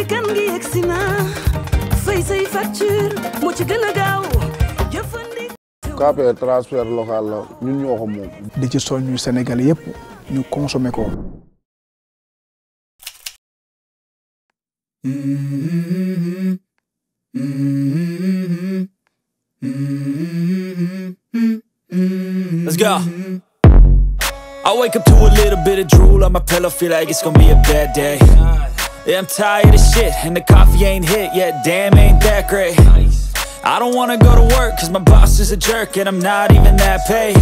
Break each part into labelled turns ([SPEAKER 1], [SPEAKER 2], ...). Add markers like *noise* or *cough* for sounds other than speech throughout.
[SPEAKER 1] mooy kan gi yegsi na fay say facture moo ci gën gaaw
[SPEAKER 2] jëfandi KP e local la ñun ñoo ko moom di ci soññu Sénégal yëpp ñu consommer ko Let's go. I wake up to a little bit of drool on my pillow, Yeah, I'm tired of shit, and the coffee ain't hit yet, damn ain't that great I
[SPEAKER 1] don't wanna go to work, cause my boss is a jerk, and I'm not even that paid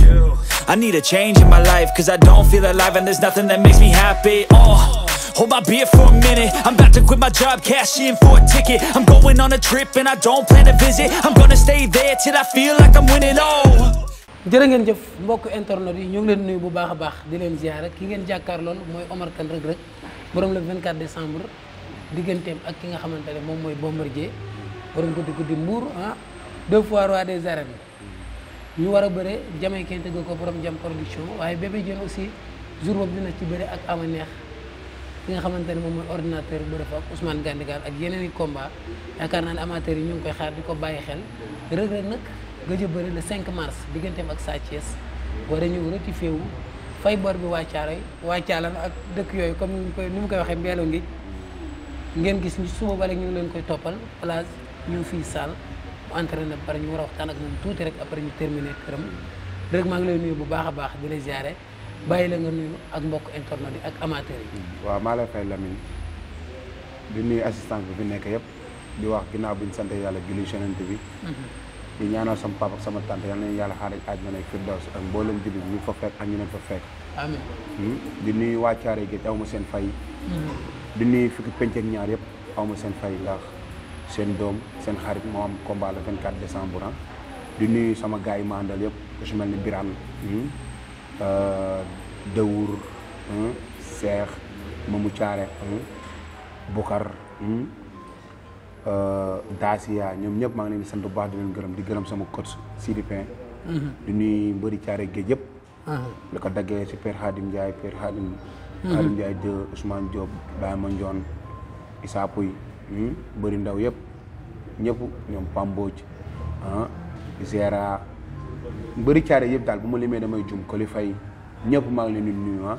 [SPEAKER 1] I need a change in my life, cause I don't feel alive, and there's nothing that makes me happy, oh Hold my beer for a minute I'm about to quit my job, cash in for a ticket I'm going on a trip and I don't plan to visit I'm gonna stay there till I feel like I'm winning all oh. jërë ngeen jëf mbokk internet yi ñu ngi leen nuyu bu baax a baax di leen ziara ki ngeen jàkkaar lool mooy Omar Kane Reug Reug borom la 24 décembre digganteem ak ki nga xamante ne moom mooy Bombardier borom guddi guddi mbuur ah deux fois roi des arènes ñu war a bëre jamay kenn tëgg ko borom jam production waaye bébé jën aussi jour boobu dina ci bëre ak ama neex ki nga xamante ne moom mooy ordinateur bëre fa ak Ousmane Gandigal ak yeneen i combat yaakaar naa ne amateurs yi ñu ngi koy xaar di ko bàyyi xel Reug Reug nag gëj a bëre le 5 mars digganteem ak Sa Thiès war a ñëw rectifié fay bor bi waa Caaroy la Caalan ak dëkk yooyu comme ni mu koy ni mu koy waxee mbeelo ngi ngeen gis ñu suba bale ñu ngi leen koy toppal place ñu fii salle mu entraîné ba pare ñu war a waxtaan ak moom tuuti rek après ñu terminé këram rek maa ngi lay nuyu bu baax a baax bu lay bàyyi la nga nuyu ak mbokk internet yi ak amateur yi.
[SPEAKER 2] waaw maa lay fay Lamine di nuyu assistance bi fi nekk yëpp di wax ginnaaw bi ñu sant yàlla julli Yonent bi. Mhm. di ñaanal sama papa ak sama tante yal nañu yàlla xaaral àjjana firdaws ak mboolem jullit ñu fa fekk ak ñu leen fa fekk. Hmm? di nuy waa Thiaré gi aw ma seen fay. Hmm. di nuy fukki penc ak ñaar yëpp aw ma seen fay ndax seen doom seen xarit moo am combat le 24 décembre ah. di nuyu sama gars yi ma àndal yëpp ku si mel ni Birane. Hmm? Euh, Dawur. Seex Euh, Dacia ñoom ñëpp maa leen sant bu baax di leen gërëm di gërëm sama coach Sidi du mhm. di nuyu mbëri caare géej yëpp. Mhm. li ko daggee si Père Khadim Ndiaye Père Khadim. Mhm. Khadim Ndiaye de Ousmane Diop Baye Mandione Issa Pouye hmm, bëri ndaw yëpp ñëpp ñoom Pambodj ah, caare yëpp daal bu ma li fay ñëpp maa ngi leen di nuyu ah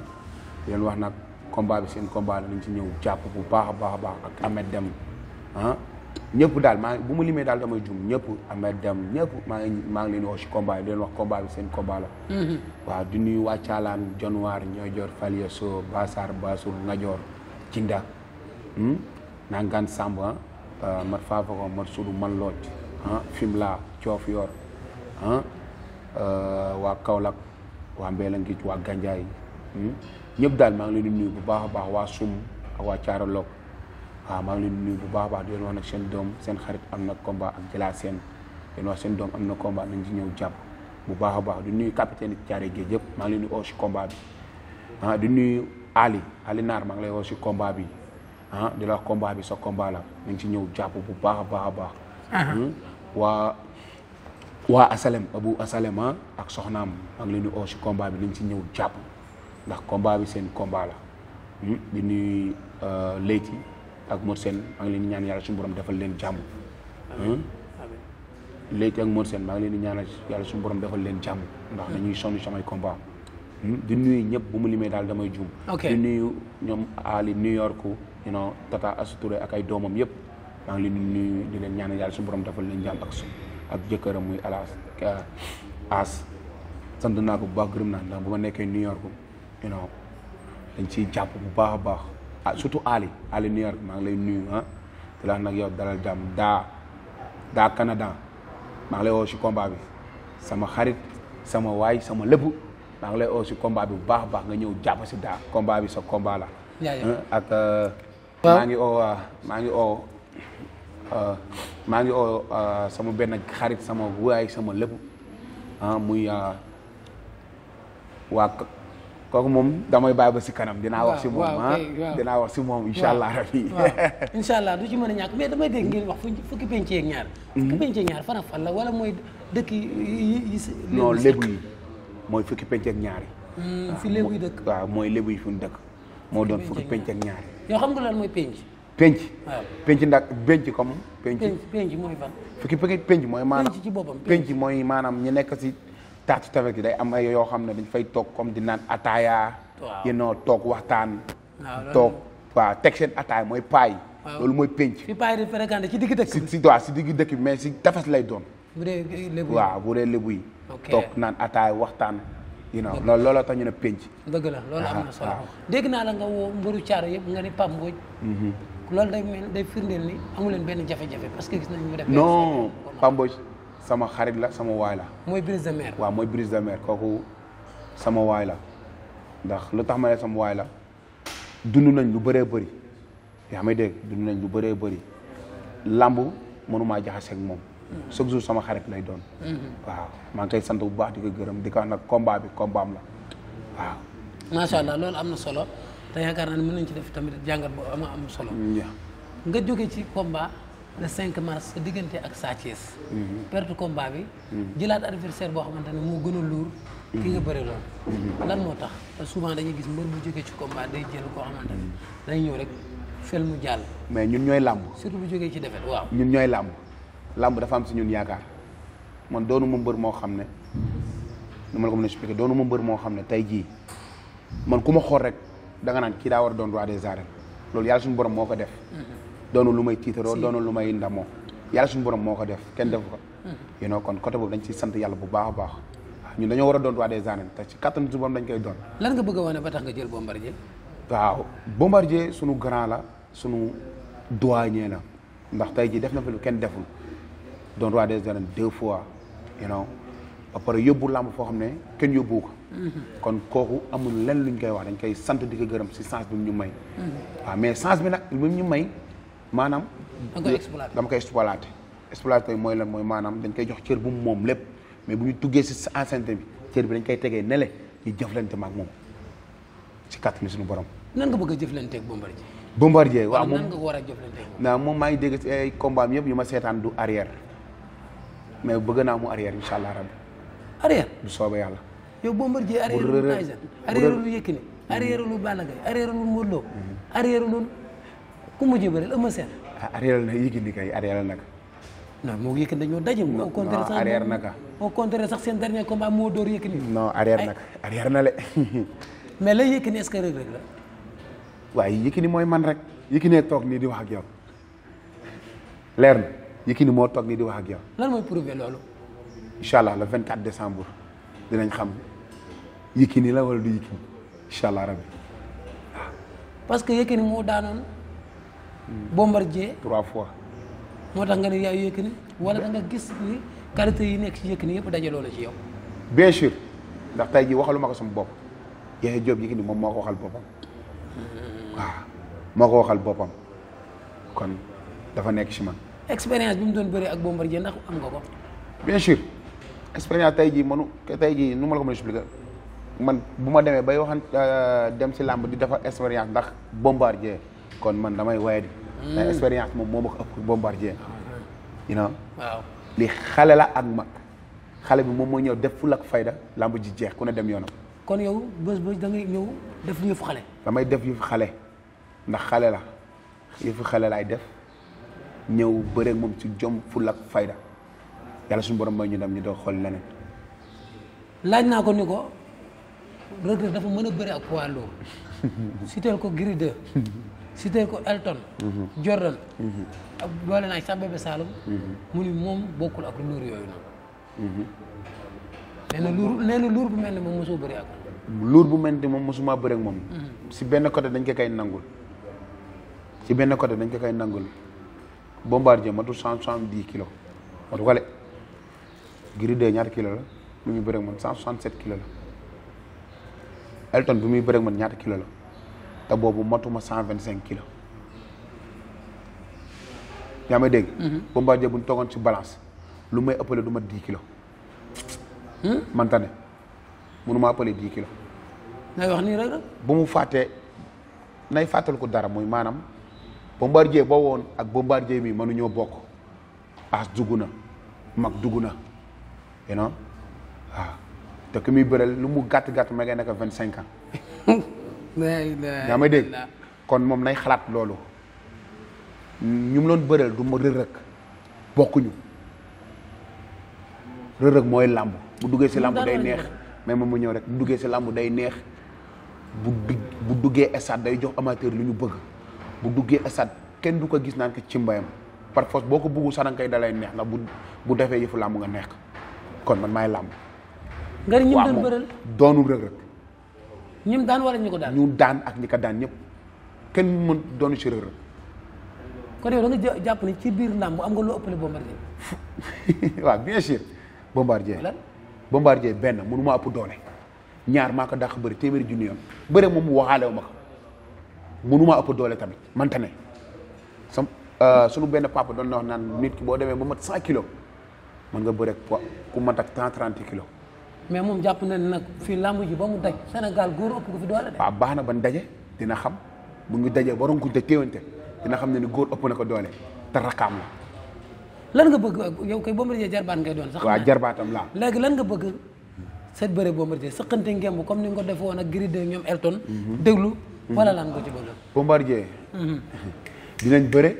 [SPEAKER 2] leen wax nag combat bi seen combat la nañ ci ñëw jàpp bu baax a baax a baax ak Ahmed Deme ah. ñépp daal maa bu ma limee daal damay jum ñëpp ama dem ñëpp maa ngi maa leen wax ci combat yi wax combat bi seen combat waa mhm. waaw di nuyu waa Caalaan Jonwaar Ñoojoor Falia So Basar Basur Ngajoor Cinda hmm? Nangan Samba ah. euh, mat faafa ko mat sudu man looj ah. Fimela Coof Yor ah. euh, waa Kaolack waa Mbeelangic waa Ganjaay hmm? ñëpp daal maa ngi leen di bu baax a baax waa Sum ak waa Caaraloog waaw ah, maa ngi leen nuyu bu baax a baax di leen wax nag seen doom seen xarit am na combat ak jëlaa seen leen seen doom am na combat nañ ci ñëw jàpp bu baax a baax di nuyu capitaine Thiaré Gueye yëpp maa leen di si combat bi ah, di nuyu Ali Ali Naar lay oo si bi ah di la wax bi sa combat la nañ ci ñëw jàpp bu baax a baax a baax uh-huh. hmm? waa waa asalem abu asalem ah, ak soxnaam maa ngi leen di jàpp ndax komba bi seen combat la hmm? di nuyu euh, Leyti ak Mor seen maa ngi leen ñaan yàlla suñu borom defal leen jàmm. Hmm? ak Mor Sène maa leen di ñaanal yàlla suñu defal leen jàmm ndax dañuy sonn samay combat hmm? di nuyu ñëpp bu mu limee daal damay juum. di nuyu ñoom Ali New York you know Tata Assou ak ay doomam yëpp maa ngi leen di nuyu yàlla suñu borom defal leen jàmm ak su ak jëkkëram muy Alas eh, As sant naa ko bu baax gërëm naa ndax bu ma nekkee New York you know jàpp bu baax a baax. ah surtout Ali Ali New maa ngi lay nuyu ah di la nag yow dalal jàmm daa daa Canada maa ngi lay woo si combat sama xarit sama waay sama lépp maa ngi lay woo si bu baax baax nga ñëw jàpp si daa combat bi sa combat la. Ah, ak. Euh, maa ngi oo maa ngi oo euh, euh, sama benn xarit sama waay sama lépp ah muy waa. kooku moom damoy bàyyi ba si kanam. dinaa wax si moom ah dinaa wax si moom incha allah
[SPEAKER 1] rabi. *laughs* incha allah du ci mën a ñàkk mais damay dégg ngeen wax fukki penc yeeg ñaar. Mhm. fukki penc yeeg fan ak wala mooy dëkk yi non lébu
[SPEAKER 2] yi mooy fukki penc ñaar yi. Hmm, fi lébu dëkk waaw mooy lébu yi dëkk. moo doon fukki penc ak ñaar
[SPEAKER 1] yi. yoo xam nga lan mooy penc. penc. waaw
[SPEAKER 2] penc ndax penc comme. penc penc mooy ban. fukki penc mooy maanaam penc ci boppam penc mooy maanaam ñu nekk si taatu tefes gi day am ay yoo xam ne dañ fay toog comme di naan ataaya. waaw yéen a toog waxtaan. toog waaw teg mooy paay. loolu mooy penc. fi paay di fréquenté ci si si digg dëkk bi mais si tefes lay doon.
[SPEAKER 1] bu dee lébu yi waaw
[SPEAKER 2] bu dee lébu yi. toog naan ataaya waxtaan. you know looloo tax ñu penc.
[SPEAKER 1] dëgg na solo dégg naa la nga woo mbaru caaro yëpp nga ni Pape Mbodj. Mm-hmm. loolu day mel day firndeel ni amu benn jafe-jafe parce que gis nañu mu def. non
[SPEAKER 2] Pape Mbodj sama xarit la sama waay la. mooy brise de mer. waaw mooy brise de mer kooku sama waay la ndax lu tax ma ne sama waay la dund nañ lu bëree bëri yaa may dégg dund nañ lu bëree bëri làmb mënumaa jaxaseeg moom. chaque jour sama xarit lay doon. Mm-hmm. waaw maa ngi koy sant bu baax di ko gërëm di ko nag combat bi am la
[SPEAKER 1] waaw. macha allah loolu am na solo te yaakaar naa ni mën nañu ci def tamit jàngat bu am am solo. nga jóge ci combat. le 5 mars sa diggante ak Sa Thiès. Mhm. perte combat bi. Mhm. jëlaat adversaire boo xamante ne moo gën a luur. Mhm. ki nga bari lool. lan moo tax souvent dañuy gis mbër bu jógee ci combat day jël koo xamante ne ñëw rek fel mu jàll.
[SPEAKER 2] mais ñun ñooy làmb.
[SPEAKER 1] surtout bu jógee ci defet waaw.
[SPEAKER 2] ñun ñooy làmb làmb dafa am si ñun yaakaar man doonu ma mbër moo xam ne nu ma la ko mën a expliquer doonu ma mbër moo xam ne tey jii man ku ma xool rek danga naan kii daa war a doon roi des loolu yàlla suñu borom moo ko def. doonul lu may tiitaroo doonul lu may ndamoo yàlla suñu borom moo ko def kenn defu ko hmm. you know kon côté boobu dañ ciy sant yàlla bu baax a baax ñun dañoo war a doon waa des arènes te ci kattan suñu borom dañ koy doon
[SPEAKER 1] lan nga bëgg a wane ba tax nga jël bombardier
[SPEAKER 2] waaw bombardier suñu grand la suñu doyen la ndax tey jii def na fi lu kenn deful doon roi des arènes deux fois you know ba pare yóbbu làmb foo xam ne kenn yóbbu ko hmm. kon kooku amul lenn luñ koy wax dañ koy sant di ko gërëm si sens bi mu ñu may hmm. waaw mais sens bi nag bi mu ñu may maanaam. dama koy exploité. exploité mooy la mooy maanaam dañ koy jox cër bu moom lépp mais bu ñu tuggee si enceinte bi cër bi dañ koy tegee nele ñu jëflante maak ak moom ci kàttanu suñu borom.
[SPEAKER 1] nan nga bëgg a jëflanteeg Bombardier.
[SPEAKER 2] Bombardier waaw moom nan nga
[SPEAKER 1] war a jëflanteeg moom.
[SPEAKER 2] naa moom maa ngi dégg si ay yëpp yu ma seetaan du arrière mais bëgg naa mu arrière incha allah rabbi. arrière du soobee yàlla.
[SPEAKER 1] yow Bombardier arrière lu Tyson arrière lu Yékini arrière lu arrière lu Modou Lo mhm. arrière lu ku mujj bëreel Eumeu Sène.
[SPEAKER 2] ah arrière na Yékini kay arrière naka. non moo Yékini dañoo daje. non au sax arrière naka.
[SPEAKER 1] au ah. contraire sax seen dernier combat moo dóor Yékini. non arrière
[SPEAKER 2] naka arrière na le. *laughs*
[SPEAKER 1] mais la Yékini est-ce que Reug Reug la.
[SPEAKER 2] waaye Yékini mooy man rek yi Yékini toog nii di wax ak yow leer moo toog nii di wax ak yow.
[SPEAKER 1] lan mooy prouver loolu.
[SPEAKER 2] incha allah le 24 décembre dinañ xam Yékini la wala du Yékini incha allah rabbi
[SPEAKER 1] parce que Yékini moo daanoon.
[SPEAKER 2] Hmm. Bombardier trois fois.
[SPEAKER 1] moo tax nga ne yaay Yékini wala da nga gis ni qualité yi nekk ci ni yëpp daje loolu ci yow.
[SPEAKER 2] bien sûr ndax tey jii waxaluma ko sama bopp Yaya Diop Yékini moom moo ko waxal
[SPEAKER 1] hmm.
[SPEAKER 2] moo ko waxal boppam kon dafa nekk ci man.
[SPEAKER 1] expérience bi mu doon bëree ak Bombardier ndax am nga ko.
[SPEAKER 2] bien sûr expérience tey jii mënu tey jii nu ma la ko mën a expliquer man bu ma demee bay waxan euh, dem ci làmb di dafa expérience ndax Bombardier. kon man damay waye di mais mm. expérience moom moo ma ko ëpp bombardier you waaw li xale la ak mag xale bi moom moo ñëw def ful ak fayda lamb ji jeex ku ne dem yoonam kon yow
[SPEAKER 1] bës bés da ñëw def yëfu xale
[SPEAKER 2] damay def yëfu xale ndax xale la yëfu xale laay def ñëw bëreeg moom ci jom ful ak fayda yàlla suñu borom may ñu dem ñu doo xool leneen
[SPEAKER 1] laaj naa ko ni ko Reug dafa mën a bëri ak poids si *laughs* teel ko Gris *laughs* cité ko Elton. Mhm. Jordan. Mhm. ak boole naa sax bébé Saloum. Mhm. mu ni moom bokkul ak luur yooyu na luur nee na luur bu mel ni moom mosoo bëri ak.
[SPEAKER 2] luur bu mel ni moom mosuma bëri ak moom. si benn côté dañ ko kay nangul. ci benn côté dañ ko kay nangul. Bombardier matul cent soixante-dix kilos matu ko de. Gris 2 ñaata kilo la mu muy bëri ak man cent soixante-sept la. Elton bi muy bëri ak man ñaata kilo la. te boobu matuma cent vingt cinq kilos yaa may dégg mhm. Bombardier bu ñu toogoon ci balance lu may ëppale du ma dix kilos hmm? man tane mënu ma ëppale dix kilos
[SPEAKER 1] ngay wax nii rek rek
[SPEAKER 2] bu mu fàttee nay fàttal ko dara muy maanaam Bombardier boo woon ak Bombardier mi mënuñoo bokk as dugg na mag dugg na you know waaw te ku muy bëreel lu mu gàtt gàtt ma ngay nekk vingt cinq ans
[SPEAKER 1] *laughs* yaa may dégg
[SPEAKER 2] kon moom nay xalaat loolu ñu mu loon bëreel du ma rërëg bokkuñu rërëg mooy làmb bu duggee si làmb day neex mais moom mu ñëw rek bu duggee si làmb day neex bu bu duggee stade day jox amateur lu ñu bëgg bu duggee stade kenn du ko gis naan ko ci mbayam par boo ko bëggu sax da lay neex ndax bu bu defee yëfu làmb nga nekk kon man maay làmb. nga ñu doon bëreel rëg rëg ñim daan wala ñu ko daan. ñu daan ak ñi ko daan ñëpp kenn mën doon séeréer la.
[SPEAKER 1] kon yow da nga jàpp ni ci biir làmb am nga loo ëppale Bombardier.
[SPEAKER 2] *laughs* waaw bien sûr. Bombardier Bombardier benn mënu ma ëpp doole. ñaar maa ko dàq bëri téeméeri junni yoon bëre moom waxaale wu ma ko mënu ëpp doole tamit man tane sam euh, sunu benn papa doon na naan nit ki boo demee ba mat 100 kilos mën nga bëre ku mat ak 130 kilos.
[SPEAKER 1] mais moom jàpp na ne nag fii làmb ji ba mu daj Sénégal góor ëpp ko fi doole de.
[SPEAKER 2] waaw baax na ban daje dina xam bu ngi daje ba ronkuñ te téewante dina xam ne ni góor ëpp na ko doole te rakkaam la.
[SPEAKER 1] lan nga bëgg yow kay Bombardier jarbaat ngay doon sax. waaw
[SPEAKER 2] jarbaatam laa.
[SPEAKER 1] léegi lan nga bëgg set bëre Bombardier sëqante ngemb comme ni nga ko defee woon ak Gris 2 ñoom Elton. Mhm. déglu mhm. wala lan ko ci bëgg. Bombardier. Mhm.
[SPEAKER 2] dinañ bëre.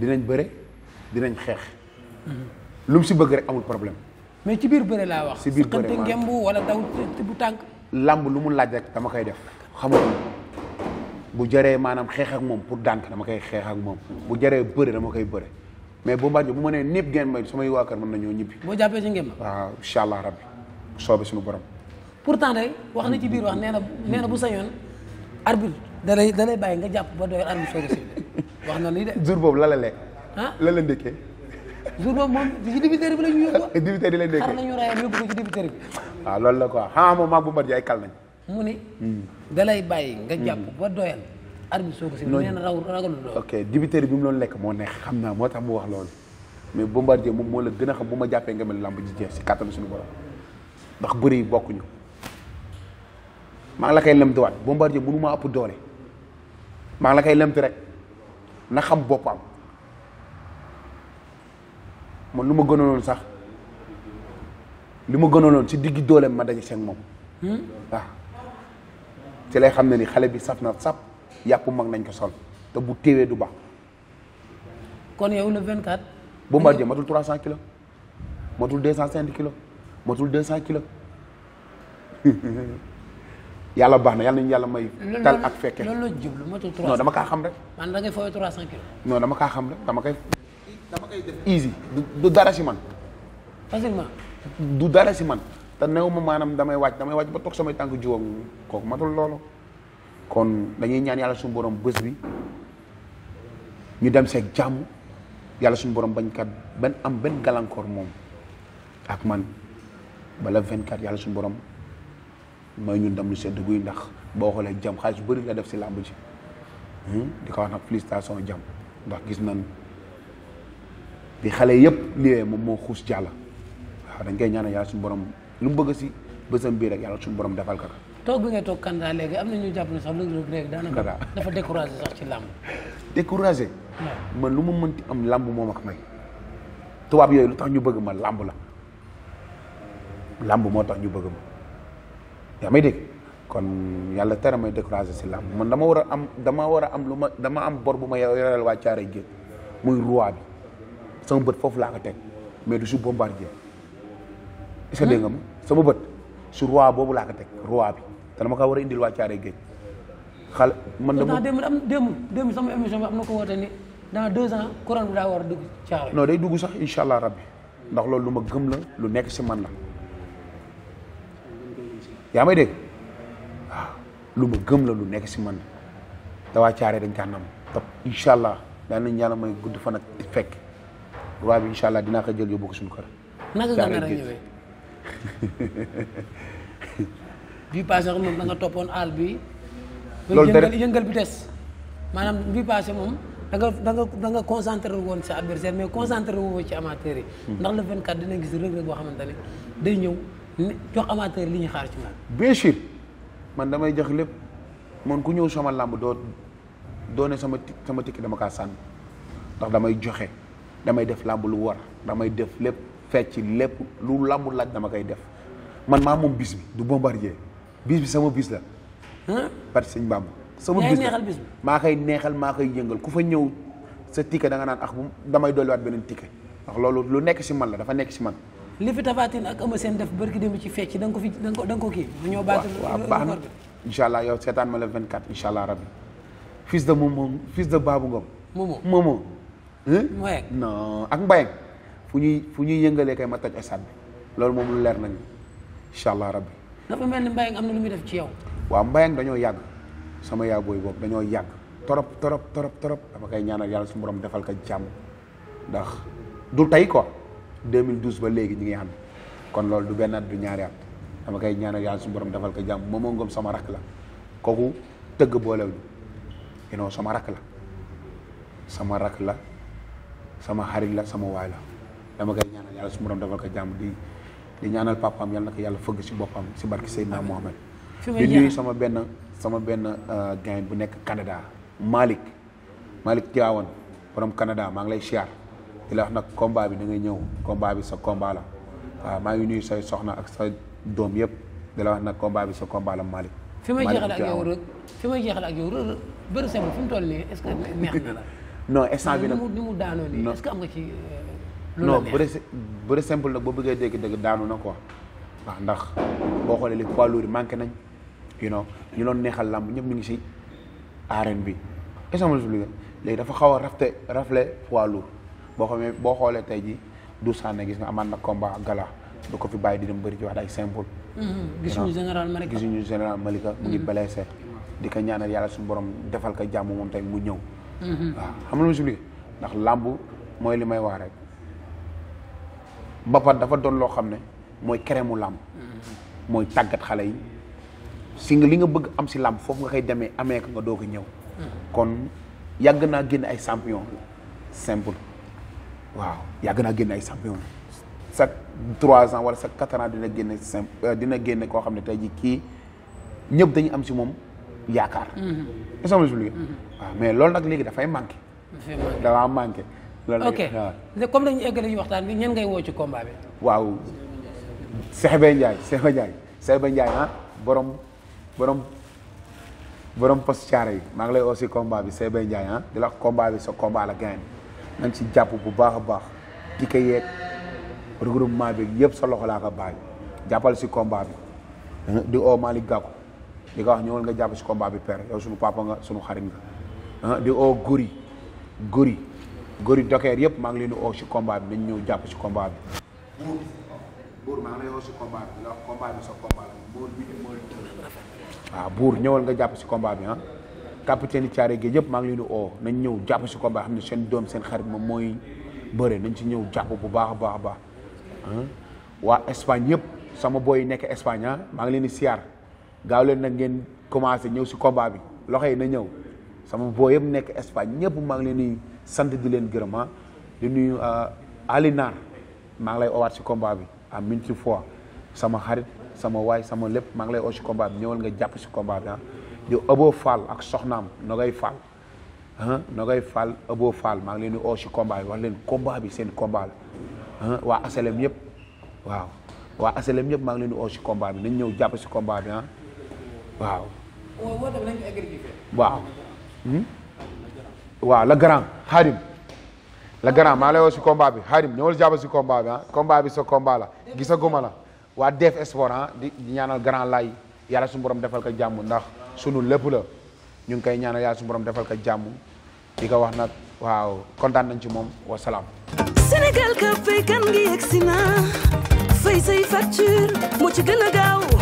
[SPEAKER 2] dinañ bëre dinañ xeex. lu si bëgg rek amul problème.
[SPEAKER 1] mais ci biir bëre laa wax. si biir bëre ngemb wala daw bu tànk.
[SPEAKER 2] làmb lu mu laaj rek dama koy def xamal bu jëree maanaam xeex moom pour dànk dama koy xeex ak moom bu jëree bëre dama koy bëre mais bu mbaaj bu ma nee ñëpp ngeen may samay waa kër mën nañoo ñibbi. boo jàppee ci ngeen ma. waaw allah rabbi soobee suñu borom.
[SPEAKER 1] pourtant day wax na ci biir wax nee na nee na bu sañoon arbitre da lay da lay bàyyi nga jàpp ba doyal arbitre soog a *laughs* wax na lii de.
[SPEAKER 2] jour boobu la la lekk. ah la la ndékkee.
[SPEAKER 1] jour boobu moom ci dibiterie bi la
[SPEAKER 2] ñu yóbbu. *laughs* dibiterie lañ déggee xar nañu
[SPEAKER 1] rayam yóbbu bi.
[SPEAKER 2] waaw loolu la quoi ah moom maag bu mbar ji ay kal nañ. mu ni. Hmm.
[SPEAKER 1] da lay bàyyi nga jàpp hmm. ba doyal. arbitre soo ko si nee na raw ragalu doyal.
[SPEAKER 2] ok dibiterie bi mu doon lekk moo neex xam naa moo tax mu wax loolu. mais Bombardier moom moo la gën a xam bu ma jàppee nga mel lamb ji jeex si kàttanu suñu borom ndax bëri yi bokkuñu maa ngi la koy lëmtiwaat Bombardier mënu maa ëpp doole maa ngi la koy lëmti rek na xam boppam man lu ma gënaloon sax li ma gënaloon ci diggi dooleem ma daje seen moom hmm? waaw ci lay xam ne ni xale bi saf na sap yàpp mag nañ ko sol te bu téewee du baax
[SPEAKER 1] kon yow le 24.
[SPEAKER 2] Bombardier matul 300 kilos matul 250 kilos matul 200 kilos *laughs* yàlla baax na yàlla nañu yàlla may. tal ak fekke loolu
[SPEAKER 1] la matul 300 dama kaa xam rek. man da ngay fooy 300 kilos.
[SPEAKER 2] non dama kaa xam rek dama koy. dama koy def easy du dara si man ma du dara si man te new ma maanaam damay wàcc damay wàcc ba toog samay tànk jiw ak kooku matul loolu kon dañuy ñaan yàlla suñu borom bés bi ñu dem seeg jàmm yàlla suñ borom bañ kat benn am benn gàllankoor moom ak man bala 24 yàlla suñ borom may ñun dem lu sedd guy ndax boo xoolee jàmm xaalis bu bëri la def si làmb ji hmm? di ko wax nag félicitation jàmm ndax gis nañ bi xale yëpp liwee moom moo xuus jàll waaw dañ koy ñaanal yàlla suñu borom lu mu bëgg si bësam bii rek yàlla suñu borom defal ka
[SPEAKER 1] toog bi ngay toog Kanda léegi am na ñu jàpp ne sax Reug Reug léegi dafa découragé sax ci làmb
[SPEAKER 2] découragé man lu ma mënti am làmb moo ma may tubaab yooyu lu tax ñu bëgg ma làmb la làmb moo tax ñu bëgg ma yaa may dégg kon yàlla tere may découragé si làmb man dama war a am dama war a am lu ma dama am bor bu ma yoreel waa Caaroy Géej muy roi bi sama bët foofu laa ko teg mais du su bombardier est-ce dégg nga ma sama bët su roi boobu laa ko teg roi bi te dama ko war a indil waa Caare Géej xal man dama démb
[SPEAKER 1] am démb démb sama émission am na ko woote ni dans deux ans couronne daa war a dugg Caare non day
[SPEAKER 2] dugg sax incha allah rabbi ndax loolu lu ma gëm la lu nekk si man la yaa may ah, gëm la lu nekk si man la te waa Caare dañ kaa nam te allah daan nañ yàlla may gudd fan ak fekk roi bi incha allah dina ko jël yóbbu ko suñu kër.
[SPEAKER 1] naka nga nar a ñëwee. bii passé xam moom da nga toppoon àll bi.
[SPEAKER 2] loolu dara yëngal
[SPEAKER 1] vitesse maanaam bii passé moom. da nga da da nga concentré woon si adversaire mais concentré woo ci amateur yi. Hmm. ndax le 24 dina gis Reug Reug boo xamante ne day ñëw jox amateur li ñu xaar ci moom.
[SPEAKER 2] bien sûr man damay jox lépp man ku ñëw sama làmb doo doone sama sama tikki dama kaa sànni ndax damay joxe. damay def làmb lu war damay def lépp fecc lépp lu làmb laaj dama koy def man maa moom bis bi du bombardier bis bi sama bis la. parce que sëñ Bamba sama bis la bis bi. maa koy neexal maa koy yëngal ku fa ñëw sa ticket da nga naan ax ah, bu damay dolliwaat beneen ticket ndax loolu lu nekk si man la dafa nekk si man.
[SPEAKER 1] li fi tafaatin ak ama seen def barki dem ci fecc da nga ko fi da nga ko da nga ko kii. waaw waaw baax na
[SPEAKER 2] incha allah yow seetaan ma la 24 incha allah rabbi fils de moom moom fils de Babou Ngom. moomoo moomoo. Mbayang ak Mbayang fu ñuy fu ñuy yëngalee kay ma taj stade bi loolu moom lu leer nañu incha allah rabbi.
[SPEAKER 1] dafa mel ni Mbayang am na lu muy def ci yow.
[SPEAKER 2] waa Mbayang dañoo yàgg sama yaa booy boobu dañoo yàgg torop torop torop torop dama koy ñaanal yàlla su borom defal ko jàmm ndax du tey quoi 2012 ba léegi ñu ngi ànd kon loolu du benn du ñaari at dama koy ñaanal yàlla su borom defal ko jàmm Momo Ngom sama rakk la kooku tëgg boolewuñu non sama rakk la sama rakk la. sama xarit la sama waay la dama koy ñaanal yàlla su mu doon defal ko jàmm di di ñaanal papaam yàlla na ko yàlla fëgg si boppam si barki Seydina Mohamed di nuyu sama benn sama benn euh, gain bu nekk Canada Malick Malick Diawane borom Canada maa ngi lay siyaar di la wax nag combat bi da ngay ñëw combat bi sa combat la maa ngi nuyu say soxna ak sa doom yëpp di nag combat bi sa combat la
[SPEAKER 1] fi may jeexal ak yow rek fi may toll nii est-ce neex na
[SPEAKER 2] non instant bi nag ni
[SPEAKER 1] mu daanoo nii est-ce am nga ci. Euh, lu non bu
[SPEAKER 2] dee bu boo bëggee dégg dëgg daanu na ko waaw ndax boo xoolee li poids lourd nañ you know ñu doon neexal làmb ñëpp ñu ngi si arène bi est-ce léegi dafa xaw a rafte rafle poids boo xamee boo xoolee tey ji du sànne gis nga amaan na combat gala du ko fi bàyyi di dem bëri ci wax ay simple.
[SPEAKER 1] Mm-hmm. gisuñu général Malika
[SPEAKER 2] gisuñu général Malika mu ngi mm-hmm. blessé di ko ñaanal yàlla suñu borom defal ko jàmm moom tamit mu ñëw. waa mm-hmm. ah, xam nga lu ma sublié ndax làmb mooy li may wax rek mbapat dafa doon loo xam ne mooy keremu làmb mm-hmm. mooy tàggat xale yi si nga li nga bëgg am si làmb foofu nga koy demee amee ko nga doog a ñëw mm-hmm. kon yàgg naa génn ay champion simple waaw yàgg naa génn ay sampion chaque trois ans wala chaque quatre dina génne simple euh, dina génne koo xam ne tey jii kii ñëpp dañu am si moom yaakaar. Mhm. est ce que mhm. ah, mais loolu nag léegi dafay manqué. dafay manqué dafaa manqué. loolu ok
[SPEAKER 1] comme dañu egg dañuy waxtaan bi ñen ngay woo ci combat bi.
[SPEAKER 2] waaw Sexbe Ndiaye Sexbe Ndiaye Sexbe Ndiaye ah borom borom borom post caare yi maa ngi lay aussi combat bi Sexbe Ndiaye ah di la combat bi sa combat la gain nañ ci jàpp bu baax a baax di ko yeeg regroupement bi yëpp sa loxo laa ko bàyyi jàppal si combat bi di oo Malick Gakou di ko wax ñëwal nga jàpp si combat bi père yow suñu papa nga suñu xarit nga ah, di oo gori gori gori dokeer yëpp maa ngi leen di oo si nañ ñëw jàpp si combat bi. buur ah, ñëwal nga jàpp si combat bi ah capitaine yëpp maa ngi leen nañ ñëw jàpp si combat xam ne seen doom seen xarit moom mooy bëre nañ si ñëw jàpp bu baax a baax a baax ah. waa Espagne yëpp sama boy yi nekk Espagne ah maa ngi leen di siyaar gaaw leen nag ngeen commencé ñëw si combat loxo yi na ñëw sama boo yëpp nekk Espagne ñëpp maa ngi leen di sant di leen gërëm ah di nuyu ah, Alinar maa ngi lay owaat si combat bi à maintes fois sama xarit sama waay sama lépp maa ngi lay oo si combat bi ñëwal nga jàpp si combat bi ah di Abo Fall ak soxnaam Nogay Fall ah Nogay Fall Abo Fall maa ngi leen di oo si combat bi wax leen combat bi seen combat la ah, waa aselem yëpp waa aselem yëpp maa ngi leen di oo si combat bi ñëw jàpp si combat bi ah waaw. Hmm? waaw. la grand Xaadim la grand maa lay woo si combat bi Xaadim ñëwal jàpp si combat bi ah combat bi sa combat la gisaguma la waa def sport ah di ñaanal grand lay yàlla suñu borom defal ko jàmm ndax sunu lépp la ñu ngi koy ñaanal yàlla suñu defal ko jàmm di ka wax nag waaw kontaan nañ ci moom wa
[SPEAKER 1] Sénégal ka fay kan gi yegsi na fay say facture moo ci gën a gaaw.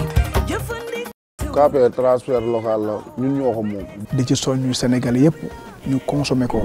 [SPEAKER 2] KPR transfert locale la ñun ñoo ko moom. di ci soññu Sénégal yëpp ñu consommer ko.